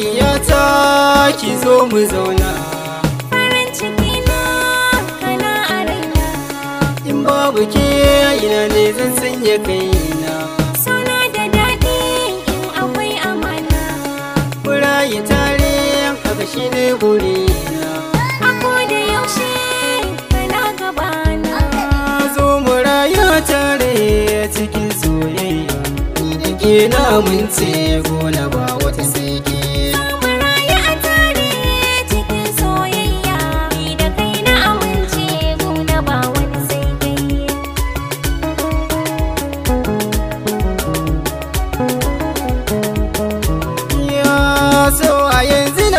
Soyayyata ki zo mu zauna Farin ciki na kana a raina In babu ke ina ne zan sanya kaina Suna da daɗi in akwai amana Murayi tare haka shi ne burina A da yaushe kana gabana Zo mu raya tare cikin soyayya Ni da ke na mun ce gona ba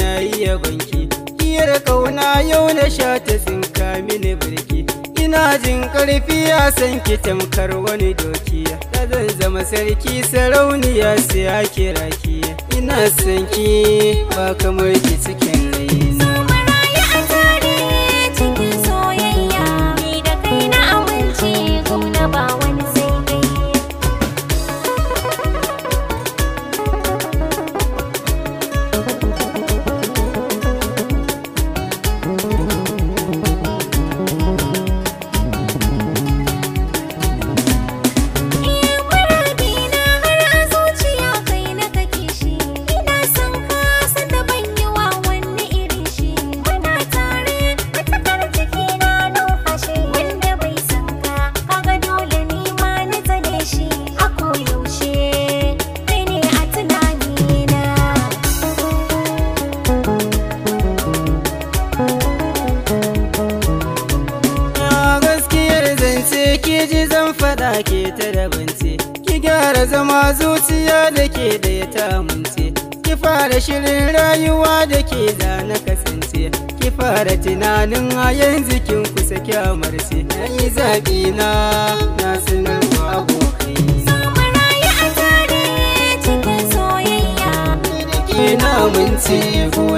na iya banki kiyar kauna yau na sha ta tsinka mini birki ina jin karfi ya san ki tamkar wani doki da zan zama sarki sarauniya sai ake raki ina san ki ba kamar ki cikin rai ki ji zan faɗa ke ta dabance ki gyara zama zuciya da ke da ya tamunce ki fara shirin rayuwa da ke da na kasance ki fara tunanin a yanzu kin kusa kyamarce na yi zaɓi na na sanarwa abokai na mince